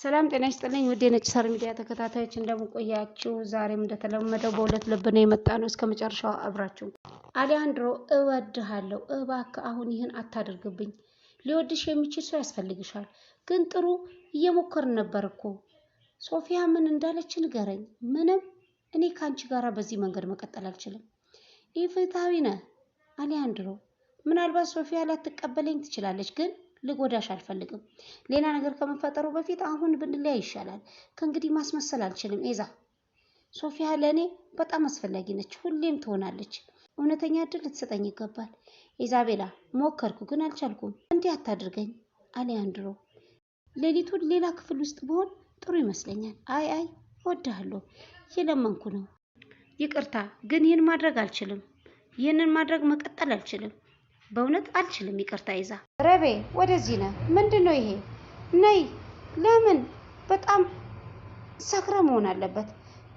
ሰላም ጤና ይስጥልኝ። ውድ የነጭ ሳር ሚዲያ ተከታታዮች እንደምቆያችሁ፣ ዛሬም እንደተለመደው በሁለት ልብ ነው የመጣ ነው። እስከ መጨረሻው አብራችሁ። አሊያንድሮ እወድሃለሁ፣ እባክህ አሁን ይህን አታደርግብኝ። ሊወድሽ የሚችል ሰው ያስፈልግሻል። ግን ጥሩ እየሞከርን ነበር እኮ። ሶፊያ ምን እንዳለች ንገረኝ። ምንም። እኔ ከአንቺ ጋራ በዚህ መንገድ መቀጠል አልችልም። ኢፍትሐዊ ነህ አሊያንድሮ። ምናልባት ሶፊያ ላትቀበለኝ ትችላለች፣ ግን ልጎዳሽ አልፈልግም። ሌላ ነገር ከመፈጠሩ በፊት አሁን ብንለያይ ይሻላል። ከእንግዲህ ማስመሰል አልችልም ኤዛ። ሶፊያ ለእኔ በጣም አስፈላጊ ነች፣ ሁሌም ትሆናለች። እውነተኛ እድል ልትሰጠኝ ይገባል። ኢዛቤላ ሞከርኩ፣ ግን አልቻልኩም። እንዲህ አታድርገኝ አሊያንድሮ። ሌሊቱን ሌላ ክፍል ውስጥ ብሆን ጥሩ ይመስለኛል። አይ አይ፣ እወድሃለሁ፣ የለመንኩ ነው። ይቅርታ፣ ግን ይህን ማድረግ አልችልም። ይህንን ማድረግ መቀጠል አልችልም። በእውነት አልችልም። ይቅርታ ይዛ ረቤ ወደዚህ ነ ምንድን ነው ይሄ? ነይ። ለምን? በጣም ሰክረ መሆን አለበት።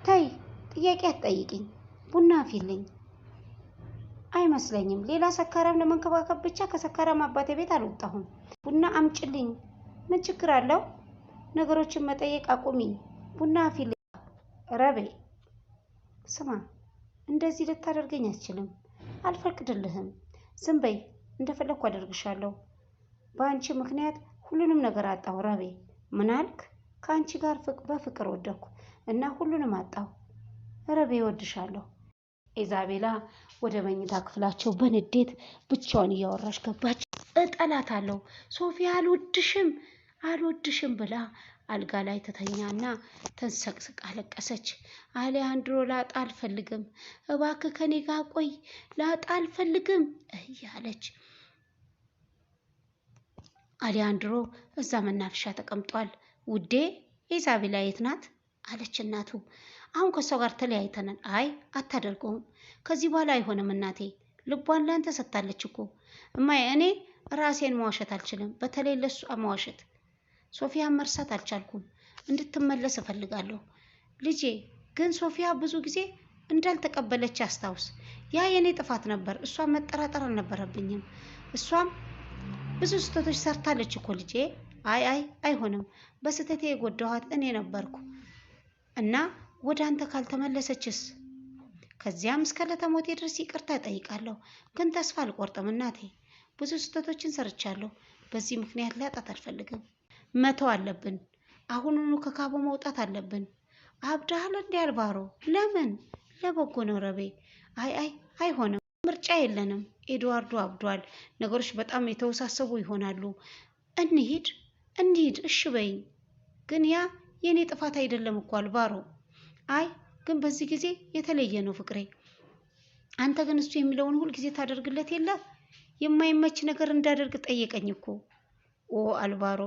ተይ፣ ጥያቄ አትጠይቅኝ። ቡና ፊልኝ አይመስለኝም። ሌላ ሰካራም ለመንከባከብ ብቻ ከሰካራም አባቴ ቤት አልወጣሁም። ቡና አምጭልኝ። ምን ችግር አለው? ነገሮችን መጠየቅ አቁሚ። ቡና አፊል ረቤ፣ ስማ፣ እንደዚህ ልታደርገኝ አትችልም። አልፈቅድልህም። ዝም በይ እንደፈለግኩ አደርግሻለሁ። በአንቺ ምክንያት ሁሉንም ነገር አጣሁ። ረቤ ምን አልክ? ከአንቺ ጋር በፍቅር ወደኩ እና ሁሉንም አጣሁ። ረቤ እወድሻለሁ። ኢዛቤላ ወደ መኝታ ክፍላቸው በንዴት ብቻውን እያወራች ገባች። እጠላታለሁ ሶፊያ፣ አልወድሽም አልወድሽም ብላ አልጋ ላይ ተተኛና ተንሰቅስቅ አለቀሰች። አሊያንድሮ ላጣ አልፈልግም፣ እባክ ከኔ ጋር ቆይ፣ ላጣ አልፈልግም እያለች አሊያንድሮ እዛ መናፈሻ ተቀምጧል። ውዴ ኢዛቤላ የት ናት አለች እናቱ። አሁን ከእሷ ጋር ተለያይተናል። አይ አታደርገውም፣ ከዚህ በኋላ አይሆንም እናቴ፣ ልቧን ላንተ ሰጥታለች እኮ እማዬ። እኔ ራሴን መዋሸት አልችልም፣ በተለይ ለሷ መዋሸት ሶፊያን መርሳት አልቻልኩም። እንድትመለስ እፈልጋለሁ። ልጄ ግን ሶፊያ ብዙ ጊዜ እንዳልተቀበለች አስታውስ። ያ የኔ ጥፋት ነበር። እሷን መጠራጠር አልነበረብኝም። እሷም ብዙ ስህተቶች ሰርታለች እኮ ልጄ። አይ አይ አይሆንም፣ በስህተቴ የጎዳኋት እኔ ነበርኩ እና ወደ አንተ ካልተመለሰችስ? ከዚያም እስከ ለተሞቴ ድረስ ይቅርታ እጠይቃለሁ። ግን ተስፋ አልቆርጥም እናቴ። ብዙ ስህተቶችን ሰርቻለሁ። በዚህ ምክንያት ላጣት አልፈልግም። መተው አለብን። አሁኑኑ ከካቦ መውጣት አለብን። አብዳሃል እንዲ አልባሮ ለምን ለበጎ ነው ረቤ። አይ አይ አይሆንም፣ ምርጫ የለንም። ኤድዋርዶ አብዷል። ነገሮች በጣም የተወሳሰቡ ይሆናሉ። እንሂድ እንሂድ፣ እሺ በይኝ። ግን ያ የእኔ ጥፋት አይደለም እኮ አልባሮ። አይ ግን በዚህ ጊዜ የተለየ ነው ፍቅሬ። አንተ ግን እሱ የሚለውን ሁልጊዜ ታደርግለት የለ የማይመች ነገር እንዳደርግ ጠየቀኝ እኮ ኦ አልቫሮ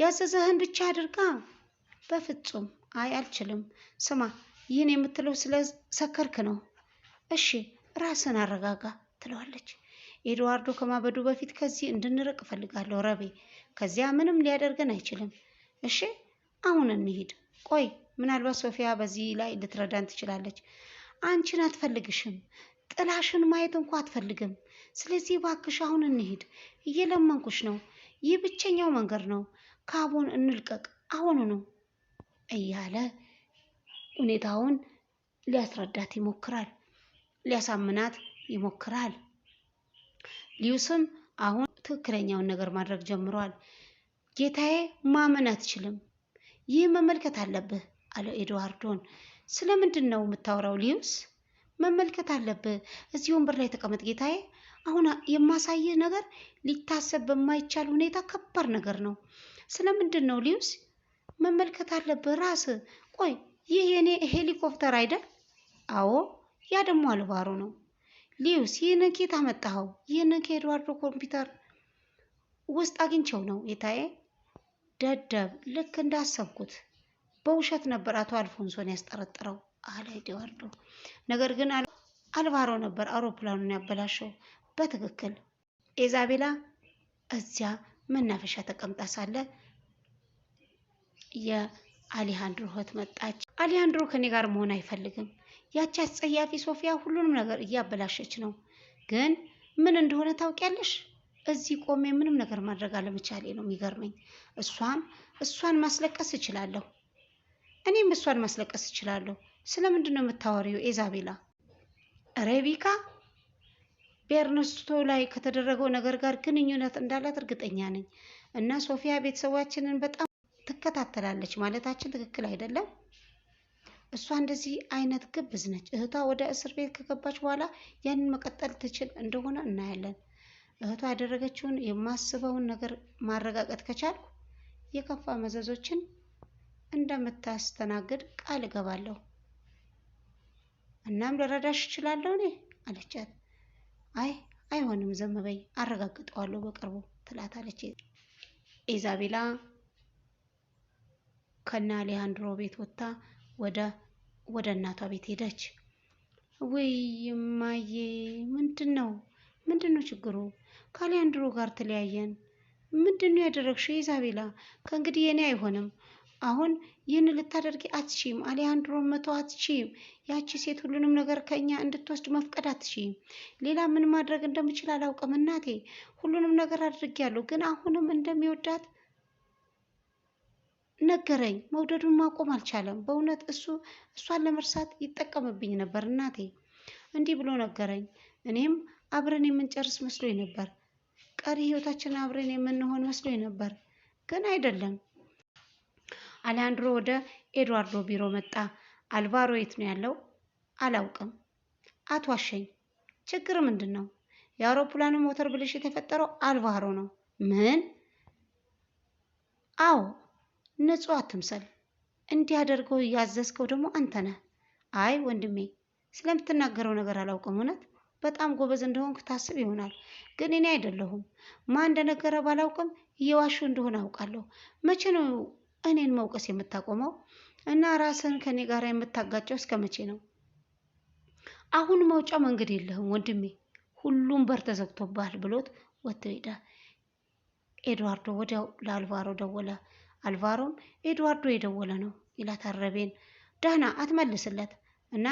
ያዘዘህን ብቻ አድርጋ። በፍጹም አይ አልችልም። ስማ ይህን የምትለው ስለ ሰከርክ ነው። እሺ ራስን አረጋጋ ትለዋለች። ኤድዋርዶ ከማበዱ በፊት ከዚህ እንድንርቅ እፈልጋለሁ ረቤ። ከዚያ ምንም ሊያደርገን አይችልም። እሺ አሁን እንሂድ። ቆይ ምናልባት ሶፊያ በዚህ ላይ ልትረዳን ትችላለች። አንቺን አትፈልግሽም፣ ጥላሽን ማየት እንኳ አትፈልግም። ስለዚህ እባክሽ አሁን እንሂድ፣ እየለመንኩሽ ነው። ይህ ብቸኛው መንገድ ነው። ካቦን እንልቀቅ አሁኑ ነው እያለ ሁኔታውን ሊያስረዳት ይሞክራል፣ ሊያሳምናት ይሞክራል። ሊዩስም አሁን ትክክለኛውን ነገር ማድረግ ጀምሯል። ጌታዬ ማመን አትችልም፣ ይህ መመልከት አለብህ አለው ኤድዋርዶን። ስለምንድን ነው የምታወራው ሊዩስ? መመልከት አለብህ። እዚህ ወንበር ላይ ተቀመጥ ጌታዬ። አሁን የማሳይህ ነገር ሊታሰብ በማይቻል ሁኔታ ከባድ ነገር ነው። ስለምንድን ነው ሊውስ? መመልከት አለብህ ራስህ። ቆይ ይህ የኔ ሄሊኮፕተር አይደል? አዎ፣ ያ ደግሞ አልባሮ ነው። ሊዩስ፣ ይህንን ኬት አመጣኸው? ይህንን ከኤድዋርዶ ኮምፒውተር ውስጥ አግኝቸው ነው ጌታዬ። ደደብ፣ ልክ እንዳሰብኩት በውሸት ነበር አቶ አልፎንሶን ያስጠረጥረው። አህላይ ወርዶ ነገር ግን አልቫሮ ነበር አውሮፕላኑን ያበላሸው። በትክክል ኢዛቤላ እዚያ መናፈሻ ተቀምጣ ሳለ የአሊሃንድሮ እህት መጣች። አሊሃንድሮ ከኔ ጋር መሆን አይፈልግም። ያቺ አስጸያፊ ሶፊያ ሁሉንም ነገር እያበላሸች ነው። ግን ምን እንደሆነ ታውቂያለሽ? እዚህ ቆሜ ምንም ነገር ማድረግ አለመቻሌ ነው የሚገርመኝ። እሷን እሷን ማስለቀስ እችላለሁ፣ እኔም እሷን ማስለቀስ እችላለሁ። ስለምንድን ነው የምታወሪው ኤዛቤላ? ሬቢካ በኤርነስቶ ላይ ከተደረገው ነገር ጋር ግንኙነት እንዳላት እርግጠኛ ነኝ እና ሶፊያ ቤተሰባችንን በጣም ትከታተላለች ማለታችን ትክክል አይደለም። እሷ እንደዚህ አይነት ግብዝ ነች። እህቷ ወደ እስር ቤት ከገባች በኋላ ያንን መቀጠል ትችል እንደሆነ እናያለን። እህቷ ያደረገችውን የማስበውን ነገር ማረጋገጥ ከቻልኩ የከፋ መዘዞችን እንደምታስተናግድ ቃል እገባለሁ። እናም ልረዳሽ እችላለሁ እኔ አለቻት። አይ አይሆንም፣ ዝም በይ አረጋግጠዋለሁ በቅርቡ ትላታለች። ኢዛቤላ ከነ አሌሃንድሮ ቤት ወጥታ ወደ ወደ እናቷ ቤት ሄደች። ውይ እማዬ፣ ምንድን ነው ምንድን ነው ችግሩ? ከአሌሃንድሮ ጋር ተለያየን። ምንድን ነው ያደረግሽው ኢዛቤላ? ከእንግዲህ የኔ አይሆንም አሁን ይህን ልታደርጊ አትችም። አሊያንድሮ መቶ አትችም። ያቺ ሴት ሁሉንም ነገር ከኛ እንድትወስድ መፍቀድ አትችም። ሌላ ምን ማድረግ እንደምችል አላውቅም እናቴ። ሁሉንም ነገር አድርጊያለሁ፣ ግን አሁንም እንደሚወዳት ነገረኝ። መውደዱን ማቆም አልቻለም። በእውነት እሱ እሷን ለመርሳት ይጠቀምብኝ ነበር እናቴ። እንዲህ ብሎ ነገረኝ። እኔም አብረን የምንጨርስ መስሎኝ ነበር። ቀሪ ህይወታችን አብረን የምንሆን መስሎኝ ነበር፣ ግን አይደለም። አሌሃንድሮ ወደ ኤድዋርዶ ቢሮ መጣ። አልቫሮ የት ነው ያለው? አላውቅም። አትዋሸኝ። ችግር ምንድን ነው? የአውሮፕላኑ ሞተር ብልሽ የተፈጠረው አልቫሮ ነው። ምን? አዎ፣ ንጹህ አትምሰል። እንዲያደርገው እያዘዝከው ደግሞ አንተ ነህ። አይ ወንድሜ፣ ስለምትናገረው ነገር አላውቅም። እውነት በጣም ጎበዝ እንደሆንክ ታስብ ይሆናል፣ ግን እኔ አይደለሁም። ማን እንደነገረ ባላውቅም እየዋሹ እንደሆነ አውቃለሁ። መቼ ነው እኔን መውቀስ የምታቆመው እና ራስን ከኔ ጋር የምታጋጨው እስከ መቼ ነው? አሁን መውጫ መንገድ የለህም ወንድሜ፣ ሁሉም በር ተዘግቶብሃል ብሎት ወጥቶ ሄደ። ኤድዋርዶ ወዲያው ለአልቫሮ ደወለ። አልቫሮም ኤድዋርዶ የደወለ ነው ይላት አረቤን ዳና አትመልስለት እና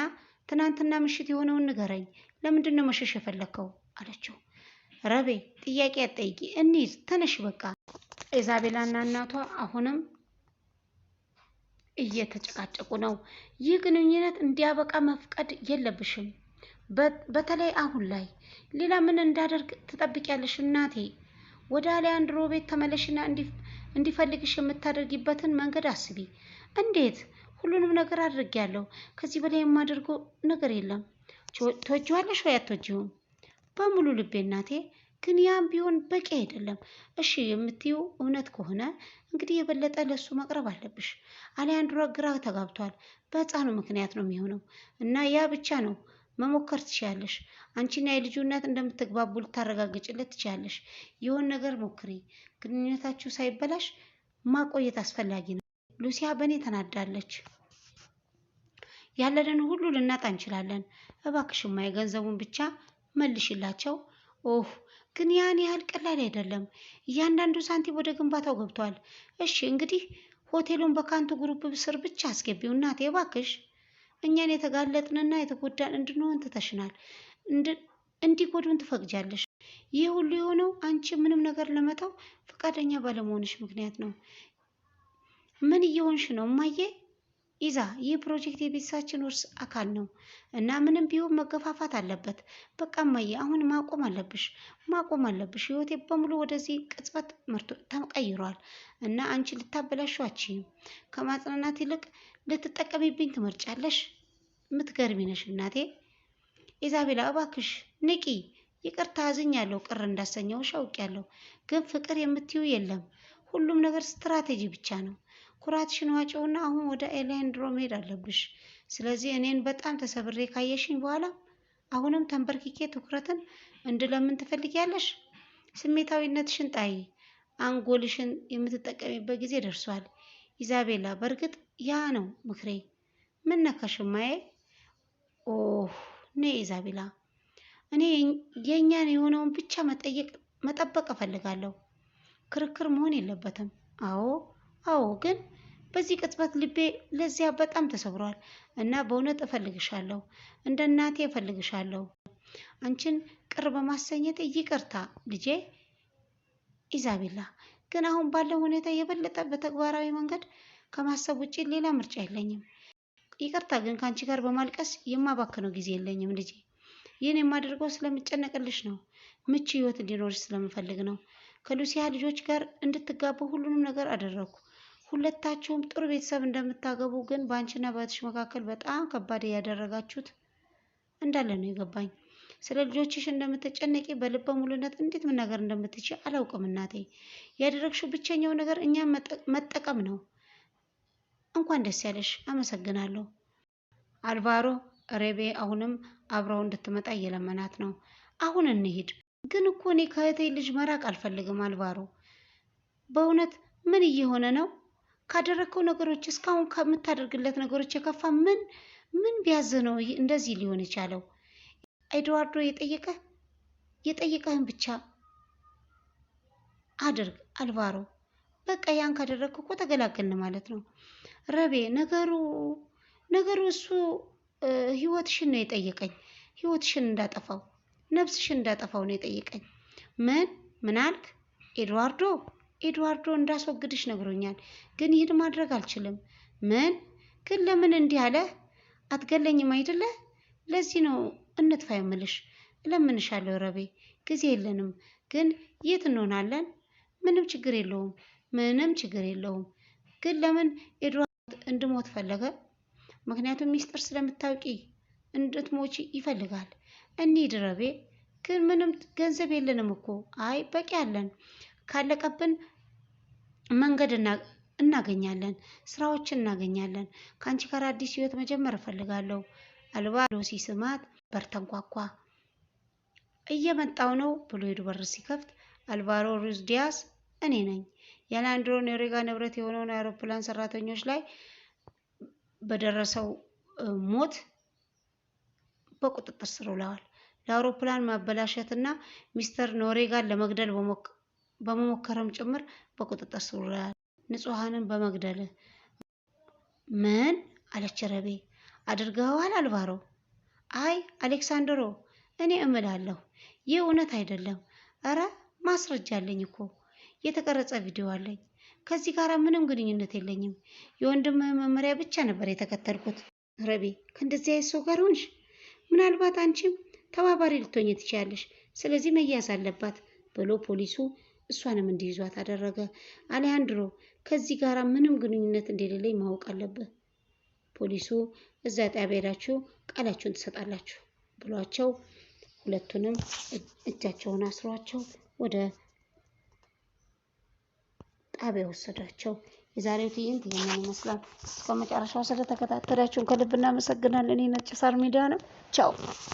ትናንትና ምሽት የሆነውን ንገረኝ፣ ለምንድን ነው መሸሽ የፈለግከው አለችው። ረቤ ጥያቄ አትጠይቂ፣ እንሂድ ተነሽ በቃ። ኢዛቤላና እናቷ አሁንም እየተጨቃጨቁ ነው። ይህ ግንኙነት እንዲያበቃ መፍቀድ የለብሽም። በተለይ አሁን ላይ ሌላ ምን እንዳደርግ ትጠብቂያለሽ? እናቴ ወደ አሊያንድሮ ቤት ተመለሽና እንዲፈልግሽ የምታደርጊበትን መንገድ አስቢ። እንዴት? ሁሉንም ነገር አድርጌያለሁ። ከዚህ በላይ የማደርገው ነገር የለም። ትወጂዋለሽ ወይ አትወጂውም? በሙሉ ልቤ እናቴ ግን ያም ቢሆን በቂ አይደለም። እሺ የምትይው እውነት ከሆነ እንግዲህ የበለጠ ለሱ መቅረብ አለብሽ። አሊያንድሮ ግራ ተጋብቷል። በህፃኑ ምክንያት ነው የሚሆነው እና ያ ብቻ ነው መሞከር ትችያለሽ። አንቺና የልጁ እንደምትግባቡ ልታረጋግጭለት ትችያለሽ። የሆን ነገር ሞክሪ። ግንኙነታችሁ ሳይበላሽ ማቆየት አስፈላጊ ነው። ሉሲያ በእኔ ተናዳለች። ያለንን ሁሉ ልናጣ እንችላለን። እባክሽማ የገንዘቡን ብቻ መልሽላቸው። ኦህ ግን ያን ያህል ቀላል አይደለም። እያንዳንዱ ሳንቲም ወደ ግንባታው ገብቷል። እሺ እንግዲህ ሆቴሉን በካንቱ ግሩፕ ስር ብቻ አስገቢው እናቴ እባክሽ። እኛን የተጋለጥንና የተጎዳን እንድንሆን ትተሽናል። እንዲጎዱን ትፈቅጃለሽ። ይህ ሁሉ የሆነው አንቺ ምንም ነገር ለመተው ፈቃደኛ ባለመሆንሽ ምክንያት ነው። ምን እየሆንሽ ነው እማዬ? ኢዛ ይህ ፕሮጀክት የቤተሰባችን ውርስ አካል ነው እና ምንም ቢሆን መገፋፋት አለበት። በቃ እማዬ አሁን ማቆም አለብሽ፣ ማቆም አለብሽ። ህይወቴ በሙሉ ወደዚህ ቅጽበት መርቶ ተቀይሯል እና አንቺ ልታበላሹ አትችይም። ከማጽናናት ይልቅ ልትጠቀሚብኝ ትመርጫለሽ። ምትገርሚ ነሽ እናቴ። ኢዛቤላ እባክሽ ንቂ። ይቅርታ አዝኛለሁ፣ ቅር እንዳሰኘውሽ አውቄያለሁ። ግን ፍቅር የምትዩ የለም ሁሉም ነገር ስትራቴጂ ብቻ ነው። ኩራትሽን ዋጪውና አሁን ወደ ኤሌንድሮ መሄድ አለብሽ። ስለዚህ እኔን በጣም ተሰብሬ ካየሽኝ በኋላ አሁንም ተንበርክኬ ትኩረትን እንድለምን ትፈልጊያለሽ? ስሜታዊነትሽን ጣይ። አንጎልሽን የምትጠቀሚበት ጊዜ ደርሷል። ኢዛቤላ፣ በእርግጥ ያ ነው ምክሬ። ምን ነካሽማዬ? ኦህ ኔ ኢዛቤላ፣ እኔ የእኛን የሆነውን ብቻ መጠየቅ መጠበቅ እፈልጋለሁ። ክርክር መሆን የለበትም። አዎ አዎ ግን በዚህ ቅጽበት ልቤ ለዚያ በጣም ተሰብሯል እና በእውነት እፈልግሻለሁ፣ እንደ እናቴ እፈልግሻለሁ። አንቺን ቅር በማሰኘት ይቅርታ ልጄ ኢዛቤላ። ግን አሁን ባለው ሁኔታ የበለጠ በተግባራዊ መንገድ ከማሰብ ውጭ ሌላ ምርጫ የለኝም። ይቅርታ ግን ከአንቺ ጋር በማልቀስ የማባክነው ጊዜ የለኝም ልጄ። ይህን የማደርገው ስለምጨነቅልሽ ነው። ምቹ ህይወት እንዲኖርሽ ስለምፈልግ ነው። ከሉሲያ ልጆች ጋር እንድትጋቡ ሁሉንም ነገር አደረግኩ። ሁለታችሁም ጥሩ ቤተሰብ እንደምታገቡ ግን በአንቺና በእህትሽ መካከል በጣም ከባድ እያደረጋችሁት እንዳለ ነው የገባኝ። ስለ ልጆችሽ እንደምትጨነቂ በልበ ሙሉነት እንዴት ምን ነገር እንደምትችይ አላውቅም እናቴ። ያደረግሽው ብቸኛው ነገር እኛም መጠቀም ነው። እንኳን ደስ ያለሽ። አመሰግናለሁ። አልቫሮ ሬቤ አሁንም አብረው እንድትመጣ እየለመናት ነው። አሁን እንሂድ። ግን እኮ እኔ ከእህቴ ልጅ መራቅ አልፈልግም። አልቫሮ በእውነት ምን እየሆነ ነው? ካደረግከው ነገሮች እስካሁን ከምታደርግለት ነገሮች የከፋ ምን ምን ቢያዝ ነው እንደዚህ ሊሆን የቻለው? ኤድዋርዶ የጠየቀ የጠየቀህን ብቻ አድርግ አልቫሮ። በቃ ያን ካደረግክ እኮ ተገላገልን ማለት ነው። ረቤ ነገሩ ነገሩ እሱ ህይወትሽን ነው የጠየቀኝ። ህይወትሽን እንዳጠፋው ነብስሽን እንዳጠፋው ነው የጠየቀኝ። ምን ምን አልክ ኤድዋርዶ? ኤድዋርዶ እንዳስወግድሽ ነግሮኛል፣ ግን ይህን ማድረግ አልችልም። ምን ግን ለምን እንዲህ አለ? አትገለኝም አይደለ? ለዚህ ነው እንጥፋ የምልሽ። እለምንሻለሁ ረቤ፣ ጊዜ የለንም። ግን የት እንሆናለን? ምንም ችግር የለውም፣ ምንም ችግር የለውም። ግን ለምን ኤድዋርድ እንድሞት ፈለገ? ምክንያቱም ሚስጥር ስለምታውቂ እንድትሞቺ ይፈልጋል። እንሂድ ረቤ። ግን ምንም ገንዘብ የለንም እኮ። አይ በቂ አለን ካለቀብን መንገድ እናገኛለን፣ ስራዎችን እናገኛለን። ከአንቺ ጋር አዲስ ህይወት መጀመር እፈልጋለሁ። አልባ ብሎ ሲስማት በር ተንኳኳ። እየመጣው ነው ብሎ ሄዱ። በር ሲከፍት አልቫሮ ሩዝ ዲያስ እኔ ነኝ። የላንድሮ ኖሬጋ ንብረት የሆነውን አውሮፕላን ሰራተኞች ላይ በደረሰው ሞት በቁጥጥር ስር ውለዋል። ለአውሮፕላን ማበላሸት እና ሚስተር ኖሬጋን ለመግደል በመሞከርም ጭምር በቁጥጥር ስር ውለዋል። ንጹሐንን በመግደል ምን አለች ረቤ። አድርገዋል አልቫሮ። አይ አሌክሳንድሮ፣ እኔ እምላለሁ ይህ እውነት አይደለም። እረ ማስረጃ አለኝ እኮ የተቀረጸ ቪዲዮ አለኝ። ከዚህ ጋር ምንም ግንኙነት የለኝም። የወንድም መመሪያ ብቻ ነበር የተከተልኩት። ረቤ ከእንደዚህ አይነት ሰው ጋር ሆንሽ፣ ምናልባት አንቺም ተባባሪ ልትሆኝ ትችያለሽ። ስለዚህ መያዝ አለባት ብሎ ፖሊሱ እሷንም እንዲይዟት አደረገ። አሊያንድሮ ከዚህ ጋር ምንም ግንኙነት እንደሌለኝ ማወቅ አለብህ። ፖሊሱ እዛ ጣቢያ ሄዳችሁ ቃላችሁን ትሰጣላችሁ ብሏቸው ሁለቱንም እጃቸውን አስሯቸው ወደ ጣቢያ ወሰዷቸው። የዛሬው ትዕይንት ይህንን ይመስላል። እስከ መጨረሻው ስለተከታተላችሁን ከልብ እናመሰግናለን። እኔ ነጭ ሳር ሚዲያ ነው። ቻው